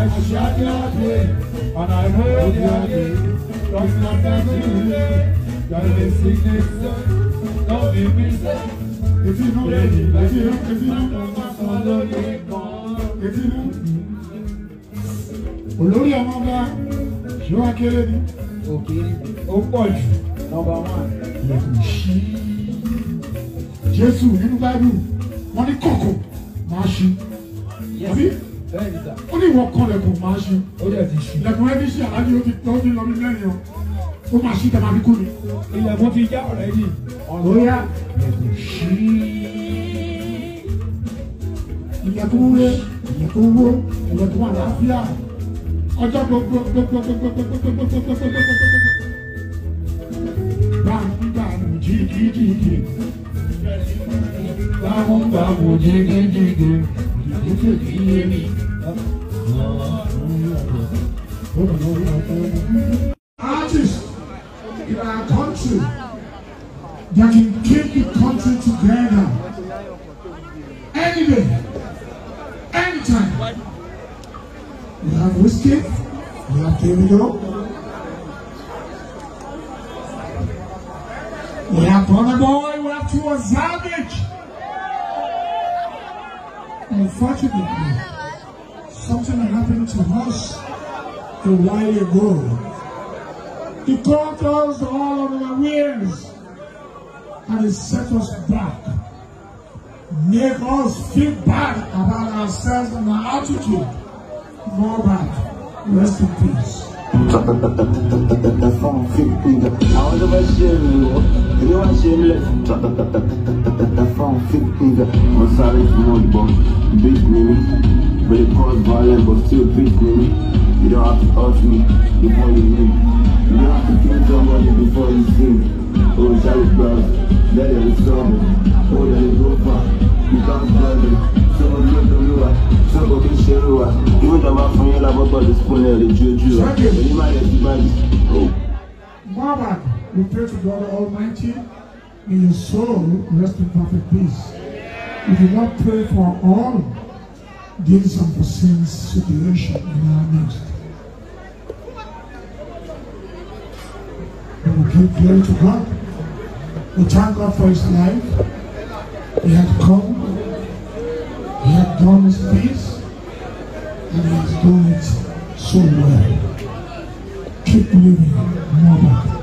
I will shout your name, and I hold your name. Don't not that you that is sickness, don't be missing. If you know it, if you, if you know, follow it, come. If you know. Olórí ọmọ ọba ṣé wá kéré ni? Òkèrè. Ó pọ̀ jù. Nọmba one. Jésù nínú Báíbù wọ́n ní kòkò máa ṣí. Àbí? ó ní ìwọ kan lẹ̀kùn máa ṣe lẹ̀kùn ẹbí ṣe aláàjì ó ti tọ́ ó ti lọ mí lẹ́yìn o ó máa ṣí tẹ̀má fi kú mi. ilẹ̀kùn ti já ọ̀rẹ́ yìí. ọ̀rọ̀ yá lẹ̀kùn ṣí. ilẹ̀kùn wúwo ilẹ̀kùn wúwo ilẹ̀kùn àlàáfíà ọjọ́ gbogbo gbogbo gbogbo gbogbo gbogbo gbogbo gbogbo jigijigi. Báwo báwo jigijigi. Artists in our country that can keep the country together any day, anytime. We have whiskey, we have Davido, we have Bonner Boy, we have Tua Savage. unfortunately, something happened to us a while ago. He caught us all of our wings and he set us back. Make us feel bad about ourselves and our attitude. More bad. Rest in peace. Tá shameless. Drop that that that that that that that phone fit nigga. I'm sorry if you want but beat me. But it cause violence but still beat me. You don't have to ask me before you leave. You don't have to kill somebody before you see me. Oh, Charlie Brown, let it storm. Oh, let it go far. You can't stand it. Someone look at you, ah. someone can share you. Even the man from your lab, but the spoon there, the juju. But you might have to buy Oh. Baba, we pray to God Almighty. in your soul rest in perfect peace. We do not pray for all these and foreseen situations in our midst. We will give glory to God. We thank God for his life. He has come. He has done his peace. And he has done it so well. Keep living, mother.